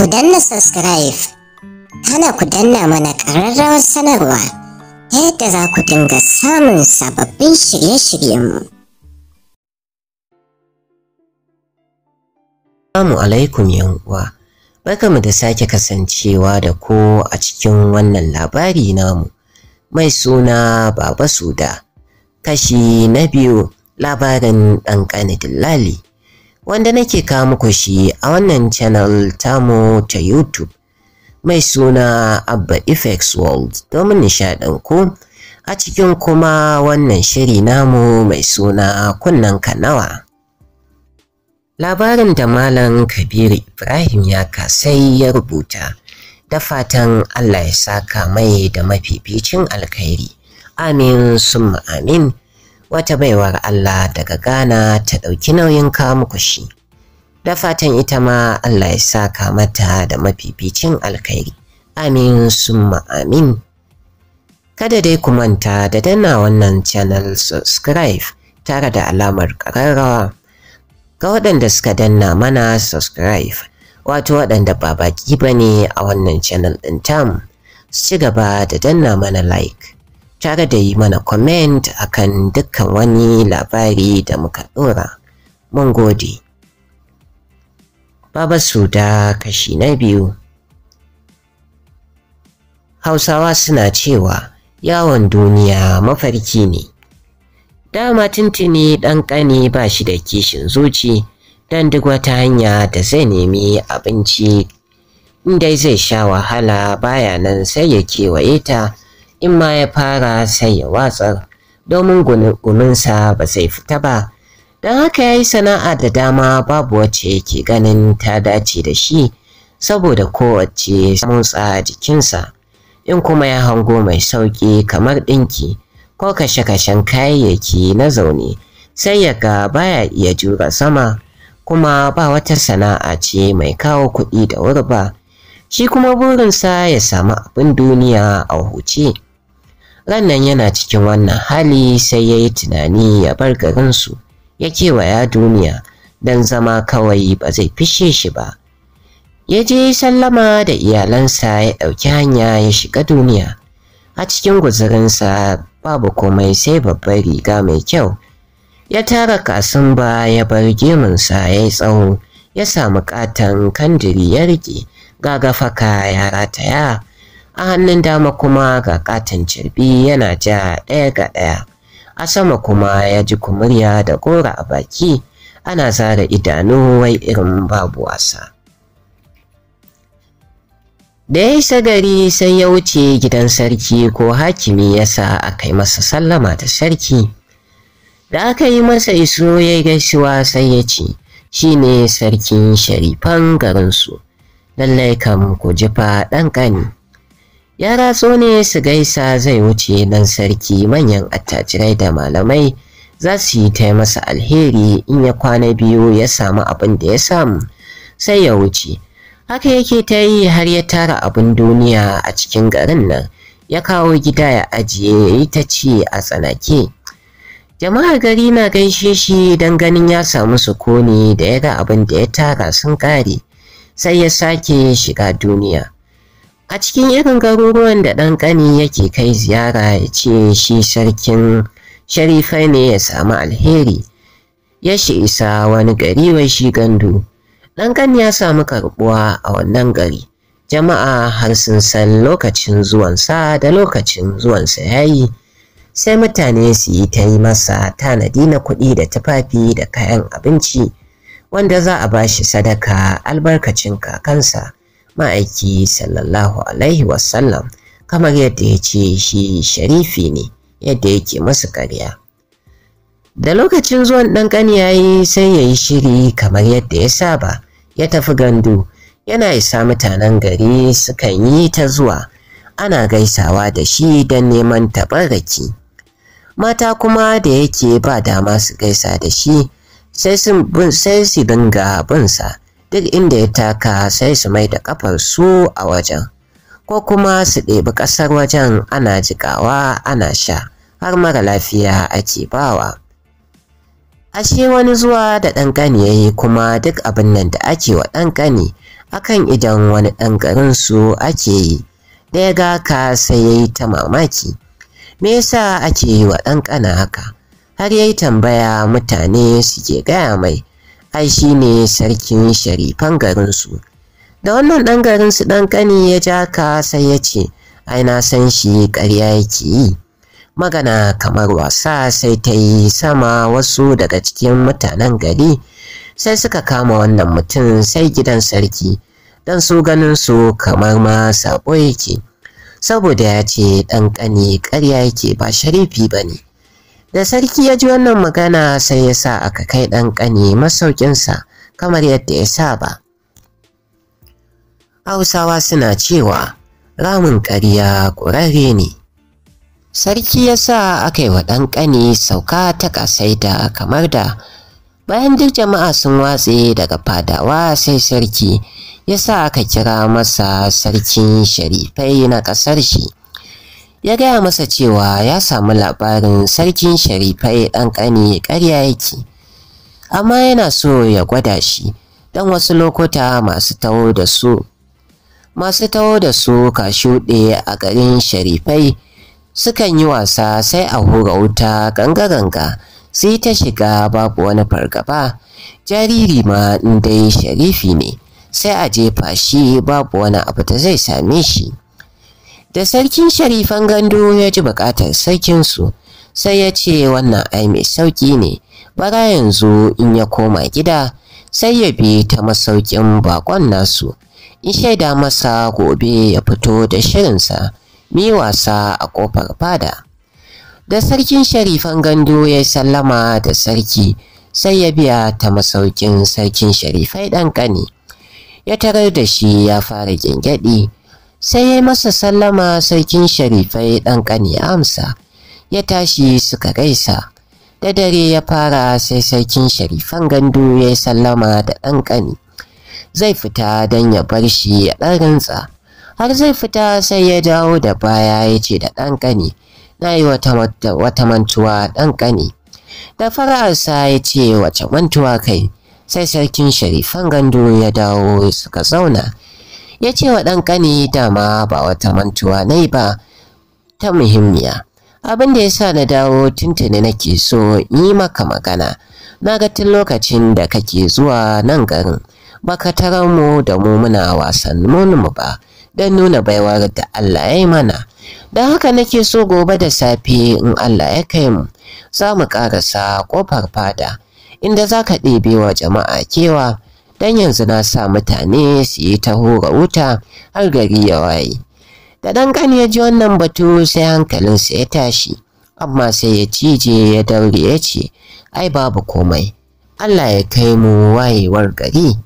ku danna subscribe hana ku danna mana ƙararrawar sanarwa yadda za ku dinga samun sababbin shirye-shiryenmu. Assalamu alaikum 'yan uwa. barkamu da sake kasancewa da ko a cikin wannan labari namu mai suna Baba Suda, kashi na biyu labarin ɗan ƙanidin Lali. wanda nake kawo muku shi a wannan channel tamu ta YouTube mai suna Abba Effects World domin ku a cikin kuma wannan shiri namu mai suna Kunnan kanawa. Labarin da Malam Kabiru Ibrahim ya sai ya rubuta da fatan Allah ya saka mai da mafificin alkhairi. Amin summa amin. wata baiwar Allah daga Ghana ta ɗauki nauyin kamu kushi. Da fatan ita ma Allah ya saka mata da mafificin alkhairi. Amin summa amin. Kada dai ku manta da danna wannan channel subscribe tare da alamar ƙararrawa. Ga waɗanda suka danna mana subscribe, wato waɗanda ba baki ba ne a wannan channel ɗin tam, su ci gaba da danna mana like. tare da yi mana comment kan dukkan wani labari da muka ɗora. Mun gode. Baba Suda kashi na biyu Hausawa suna cewa yawon duniya mafarki ne. Dama tuntuni ɗan ƙani ba shi da kishin zuci don duk wata hanya da zai nemi abinci. inda zai sha wahala baya nan sai ya kewaye ta in ma ya fara sai ya watsar domin guminsa ba zai fita ba don haka ya yi sana'a da dama babu wacce yake ganin ta dace da shi saboda kowace motsa jikinsa in kuma ya hango mai sauƙi kamar ɗinki ko kashe-kashen kayayyaki na zaune sai ya ga baya iya jura sama kuma ba wata sana'a ce mai kawo kuɗi da wuri ba. shi kuma burinsa ya samu abin duniya a huce. Rannan yana cikin wannan hali sai ya yi tunani ya bar garinsu ya ya duniya don zama kawai ba zai fishe shi ba. Ya je sallama da iyalansa ya ɗauki hanya ya shiga duniya. A cikin guzurinsa babu komai sai babbar riga mai kyau. Ya tara kasin ba ya bar gemunsa ya yi tsawo ya samu katon kandiri ya riƙe gagafaka ya rataya a hannun dama kuma ga katin cirbi yana ja ɗaya ga ɗaya a sama kuma ya ji kumurya da gora a baki ana zara idanu wai irin babu wasa da ya isa gari sai ya wuce gidan sarki ko hakimi ya sa aka yi masa sallama da sarki da aka yi masa iso ya yi gaisuwa sai ya ce shi ne sarkin sharifan garinsu lallai kam ku jifa ɗan ƙani ya ratso ne su gaisa zai wuce nan sarki manyan attajirai da malamai za su yi ta masa alheri in ya kwana biyu ya samu abin da ya samu sai ya wuce haka yake ta yi har ya tara abin duniya a cikin garin nan ya kawo gida ya ajiye ya yi ta ci a tsanake jama'a gari na gaishe shi don ganin ya samu sukuni da ya ga abin da ya tara sun kare sai ya sake shiga duniya a cikin irin garuruwan da ɗan ƙani yake kai ziyara ya ce shi sarkin sharifai ne ya samu alheri ya shi isa wani gari wai shi gandu ɗan ƙani ya samu karɓuwa a wannan gari jama'a har sun san lokacin zuwansa da lokacin zuwansa ya yi sai mutane su yi ta yi masa tanadi na kuɗi da tufafi da kayan abinci wanda za a ba shi sadaka albarkacin kakansa ma'aiki sallallahu alaihi wasallam kamar yadda ya ce shi sharifi ne yadda yake masu karya da lokacin zuwan ɗan ƙani ya yi sai ya yi shiri kamar yadda ya saba ya tafi gandu yana isa mutanen gari sukan yi ta zuwa ana gaisawa da shi don neman tabarraki mata kuma da yake ba dama su gaisa da shi sai su dinga sa duk inda ya taka sai su mai da kafar su a wajen ko kuma su ɗebi ƙasar wajen ana jiƙawa ana sha har mara lafiya ake bawa ashe wani zuwa da ɗan ƙani ya yi kuma duk abin nan da ake wa ɗan ƙani akan idan wani ɗan garin su ake yi da ya sai ya yi ta mamaki me yasa ake yi wa ɗan ƙana haka har ya yi tambaya mutane suke gaya mai ai shi ne sarkin sharifan garinsu da wannan ɗan garinsu ɗan ƙani ya ja ka sai ya ce ai na san shi ƙarya yake yi magana kamar wasa sai ta yi sama wasu daga cikin mutanen gari sai suka kama wannan mutum sai gidan sarki don su ganin su kamar ma saɓo yake saboda ya ce ɗan ƙani ƙarya yake ba sharifi ba ne Da sarki ya ji wannan magana sai ya sa aka kai ɗan ƙani masauƙinsa kamar yadda ya sa ba. Hausawa suna cewa ramin ƙarya ƙurare ne. Sarki ya sa aka yi wa ɗan ƙani sauka ta ƙasaita kamar da bayan duk jama'a sun watse daga fadawa sai sarki ya sa aka kira masa sarkin sharifai na ƙasar shi. ya gaya masa cewa ya samu labarin sarkin sharifai eh, ɗan kani ƙarya yake amma yana so ya gwada shi dan wasu lokuta masu taho da su masu taho da su ka a garin sharifai sukan yi wasa sai a hura wuta ganga-ganga sai ta shiga babu wani fargaba jariri ma in dai sharifi ne sai a jefa shi babu wani abu da zai same shi da sarkin sharifan gandu ya ji buƙatar su, sai ya ce wannan ai mai sauƙi ne bara yanzu in ya koma gida sai ya bi ta masaukin bakon nasu in shaida masa gobe ya fito da shirinsa mi wasa a ƙofar fada da sarkin sharifan gandu ya sallama da sarki sai ya biya ta masaukin sarkin sharifai ɗan ƙani ya tarar da shi ya fara gyangyaɗi sai ya masa sallama sarkin sharifai ɗan ƙani amsa ya tashi suka gaisa da dare ya fara sai sarkin sharifan gandu ya yi sallama da ɗan ƙani zai fita don ya bar shi ya ɗan rantsa har zai fita sai ya dawo da baya ya ce da ɗan ƙani na yi wata mantuwa ɗan ƙani da fara'arsa ya ce wace mantuwa kai sai sarkin sharifan gandu ya dawo suka zauna ya ce wa ɗan ƙani dama ba wata mantuwa na yi ba ta muhimmiya abin da ya sa na dawo tuntuni nake so yi maka magana na ga tun lokacin da kake zuwa nan garin ka tarar mu da mu muna wasan mu ba don nuna baiwar da Allah ya yi mana don haka nake so gobe da safe in Allah ya kai mu za mu ƙarasa ƙofar fada inda za ka ɗebe wa jama'a kewa don yanzu na sa mutane su yi ta hura wuta har gari ya waye da ɗan ƙani ya ji wannan batu sai hankalinsa ya tashi amma sai ya cije ya daure ya ce ai babu komai Allah ya kai mu wayewar gari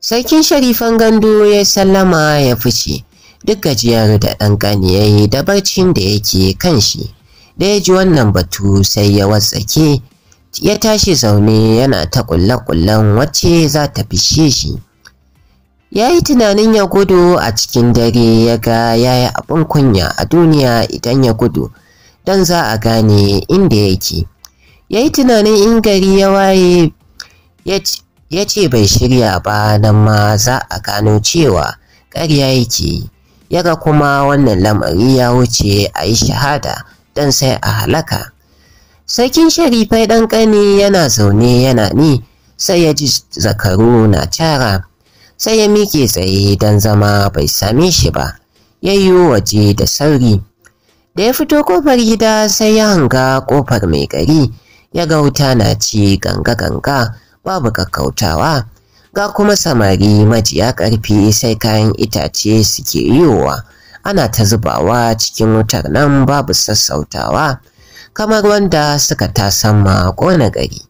sarkin sharifan gandu ya sallama ya fice duk gajiyar da ɗan ƙani ya da barcin da yake kan shi da ya ji wannan batu sai ya watsake ya tashi zaune yana ta ƙulle-ƙullen wacce za ta fishe shi ya yi tunanin ya gudu a cikin dare ya ga ya yi abin kunya a duniya idan ya gudu don za a gane inda yake ya yi tunanin in gari ya waye ya ce bai shirya ba nan ma za a gano cewa ƙarya yake ya ga kuma wannan lamari ya wuce a yi shahada don sai a halaka Sarkin Sharifai ɗan ƙani yana zaune yana ni sai ya ji zakaru na cara sai ya miƙe tsaye don zama bai same shi ba ya yi waje da sauri da ya fito ƙofar gida sai ya hanga ƙofar mai gari ya ga wuta na ci ganga-ganga babu kakautawa, ga kuma samari majiya ƙarfi sai kayan itace suke yiwuwa, ana ta zubawa cikin wutar nan babu sassautawa kamar wanda suka sama kona gari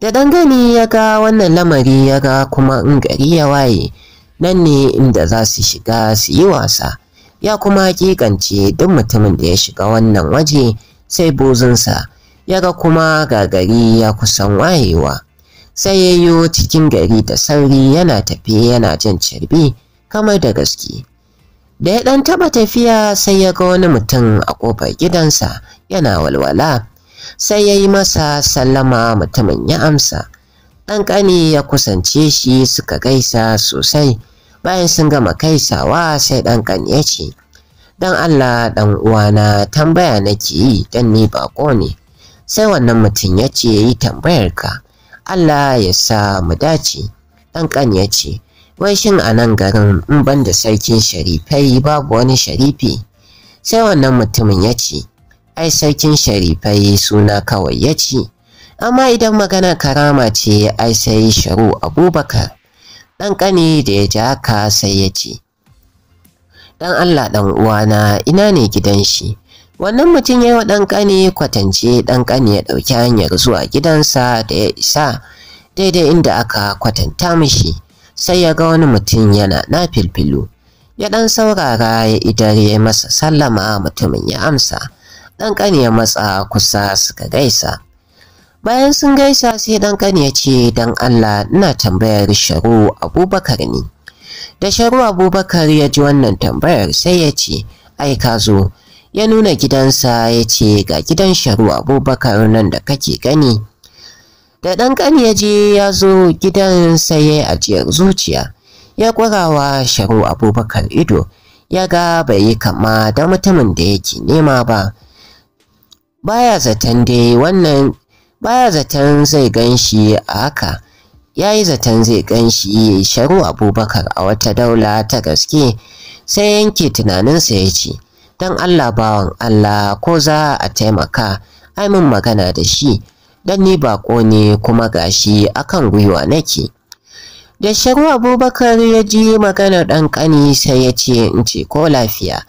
da dangane ya ga wannan lamari ya ga kuma in gari ya waye nan ne inda za su shiga su yi wasa ya kuma hakikance duk mutumin da ya shiga wannan waje sai bozinsa ya ga kuma ga gari ya kusan wayewa sai ya yi cikin gari da sauri yana tafi yana jin cirbi kamar da gaske da ya ɗan taɓa tafiya sai ya ga wani mutum a ƙofar gidansa yana walwala sai ya yi masa sallama mutumin ya amsa ɗan ƙani ya kusance shi suka gaisa sosai bayan sun gama kaisawa sai ɗan ƙani ya ce don allah ɗan uwana tambaya nake yi don ni baƙo ne sai wannan mutum ya ce yi tambayar ka allah ya sa mu dace ɗan ƙani ya ce wai shin a nan garin in ban da sarkin sharifai babu wani sharifi sai wannan mutumin ya ce ai sarkin sharifai suna kawai ya ci amma idan magana karama ce ai sai sharu abubakar ɗan ƙani da ya ja ka sai ya ce ɗan allah ɗan uwana ina ne gidan shi wannan mutum ya yi wa ɗan ƙani kwatance ɗan ƙani ya ɗauki hanyar zuwa gidansa da ya isa daidai inda aka kwatanta mishi sai ya ga wani mutum yana na filfilu ya ɗan saurara ya idar ya masa sallama mutumin ya amsa ɗankan ya matsa kusa suka gaisa bayan sun gaisa sai ɗan ya ce don allah ina tambayar sharu abubakar ne da sharu abubakar ya ji wannan tambayar sai ya ce ai ka zo ya nuna gidansa ya ce ga gidan sharu abubakar nan da kake gani da ɗan ya je ya zo gidan sai ya ajiyar zuciya ya ƙurawa sharu abubakar ido ya ga bai yi kama da mutumin da yake nema ba baya zaton dai wannan baya zaton zai ganshi haka ya yi zaton zai ganshi sharu abubakar a wata daula ta gaske sai yanke tunaninsa ya ce don allah bawan allah ko za a taimaka ai min magana da shi don ni bako ne kuma gashi akan gwiwa nake da sharu abubakar ya ji maganar ɗan ƙani sai ya ce in ce ko lafiya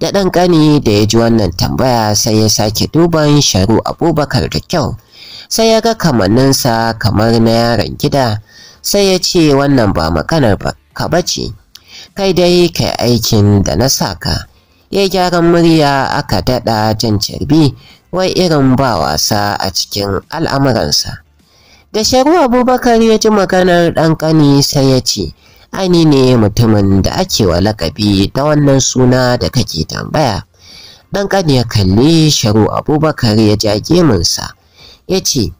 da ɗan ƙani da ya ji wannan tambaya sai ya sake duban sharu abubakar da kyau sai ya ga kamanninsa kamar na yaron gida sai ya ce wannan ba maganar ka bace kai dai kai aikin da na sa ka, ya gyaran murya aka daɗa jan carbi wai irin ba wasa a cikin al'amuransa da sharu abubakar ya ji maganar ɗan ƙani sai ya ce Aini ne mutumin da ake wa lakabi ta wannan suna da kake tambaya. Ɗan ƙani ya kalli sharu abubakar ya jage gemunsa ya ce,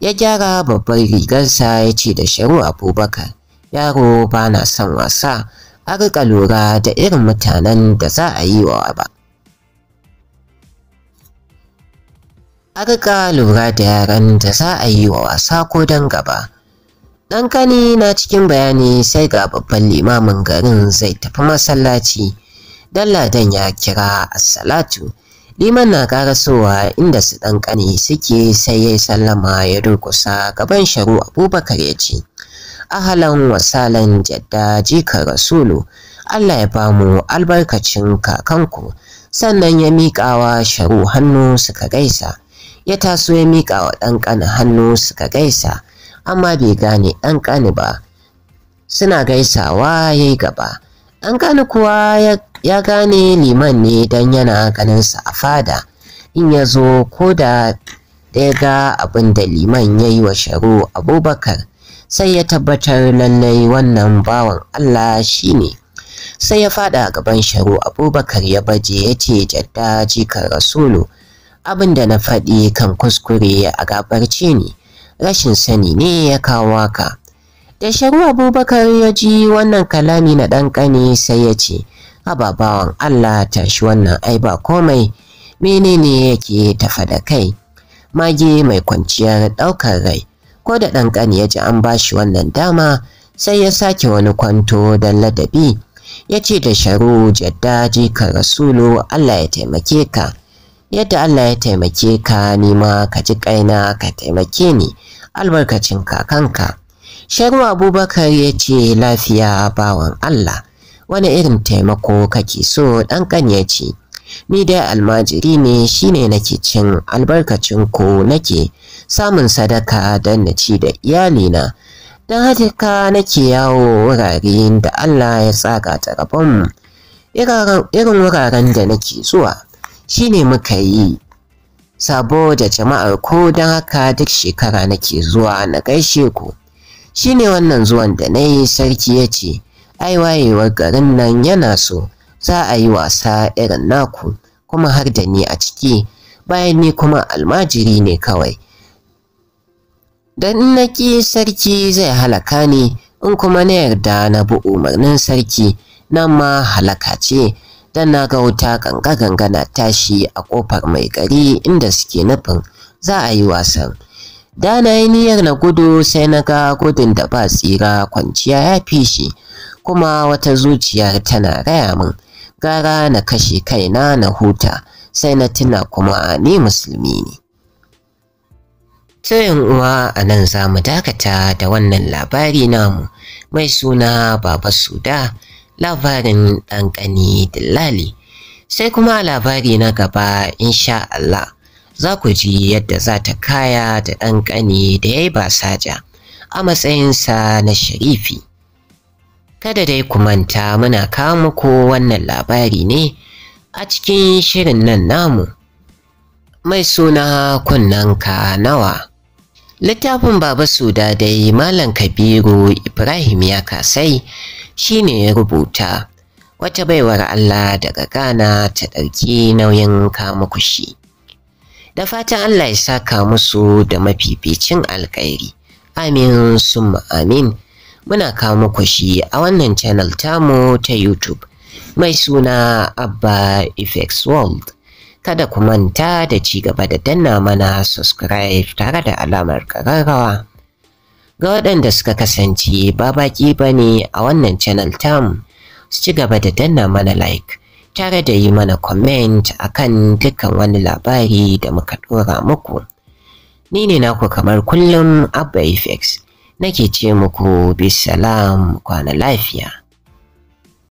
ya gyara babbar rigarsa ya ce da sharu abubakar, yaro ba na son wasa, a riƙa lura da irin mutanen da za a yi wa ba. a riƙa lura da yaran da za a yi wa wasa ko dan gaba Dan na cikin bayani sai ga babban limamin garin zai tafi masallaci. Dalladan ya kira Assalatu. Liman na karasowa inda su dan suke sai ya sallama ya durkusa gaban sharu Abubakar ya ce, Ahalan wasalan jadda ka rasulu, Allah ya ba mu albarkacin kakanku. Sannan ya miƙawa sharu hannu suka gaisa, ya taso ya miƙawa ɗankan hannu suka gaisa. amma bai gane ɗan ƙani ba suna gaisawa ya yi gaba ɗan ƙani kuwa ya gane liman ne don yana ganinsa a fada in ya zo ko da ɗaya ga abin da liman ya yi wa sharu abubakar sai ya tabbatar lallai wannan bawan allah shi ne. sai ya fada gaban sharu abubakar ya baje ya ce jaddaji kan rasulu abin da na faɗi kan kuskure a gabarce ne rashin sani ne ya kawo haka da sharu abubakar ya ji wannan kalami na ɗan ƙane sai ya ce ababawan allah tashi wannan ai ba komai menene yake tafa da kai mage mai kwanciyar ɗaukar rai ko da ɗan ƙani ya ji an ba shi wannan dama sai ya sake wani kwanto don ladabi ya ce da sharu jaddaji, kan rasulu allah ya taimake ka yadda Allah ya taimake ka nima ka ji kaina ka taimake ni albarkacin kakanka Sharma Abubakar ya ce lafiya bawan Allah wani irin taimako kake so ɗan kan ya ce ni dai almajiri ne shine nake cin albarkacin ku nake samun sadaka don na ci da iyalina dan haka nake yawo wuraren da Allah ya tsaka ta rabon irin wuraren da nake zuwa shine muka yi saboda jama'ar ko don haka duk shekara nake zuwa na gaishe ku shine wannan zuwan da na yi sarki ya ce ai wayewar garin nan yana so za a yi wasa irin naku kuma har da ni a ciki bayan ni kuma almajiri ne kawai don na sarki zai halaka ni in kuma na yarda na bi umarnin sarki nan ma halaka ce na ga wuta ganga-ganga na tashi a ƙofar mai gari inda suke nufin za a yi wasan. Da na yi niyyar na gudu sai na ga gudun da ba tsira kwanciya ya fi shi, kuma wata zuciyar tana raya min, gara na kashe kaina na huta, sai na tuna kuma ni musulmi ne. Tsayin uwa a nan za mu dakata da wannan labari namu mai suna Baba Suda. labarin ɗan ƙani dillali sai kuma labari na gaba insha Allah za ku ji yadda za ta kaya da ɗan ƙani da ya yi basaja a matsayinsa na sharifi kada dai ku manta muna kawo ko wannan labari ne a cikin shirin nan namu mai suna kunnanka nawa littafin baba suda dai malam kabiru ibrahim ya kasai shi ne rubuta wata baiwar Allah daga Ghana ta ɗauki nauyin muku shi. Da fatan Allah ya saka musu da mafificin alkhairi. Amin summa amin. Muna kawo muku shi a wannan channel tamu ta YouTube mai suna Abba Effects World. Kada ku manta da ci gaba da danna mana subscribe tare da alamar ƙararrawa. Ga waɗanda suka kasance ba baƙi ba ne a wannan channel tam su ci gaba da danna mana like tare da yi mana comment a kan dukkan wani labari da muka ɗora muku. Ni ne naku kamar kullum Abba Effects nake ce muku bisalam kwana lafiya.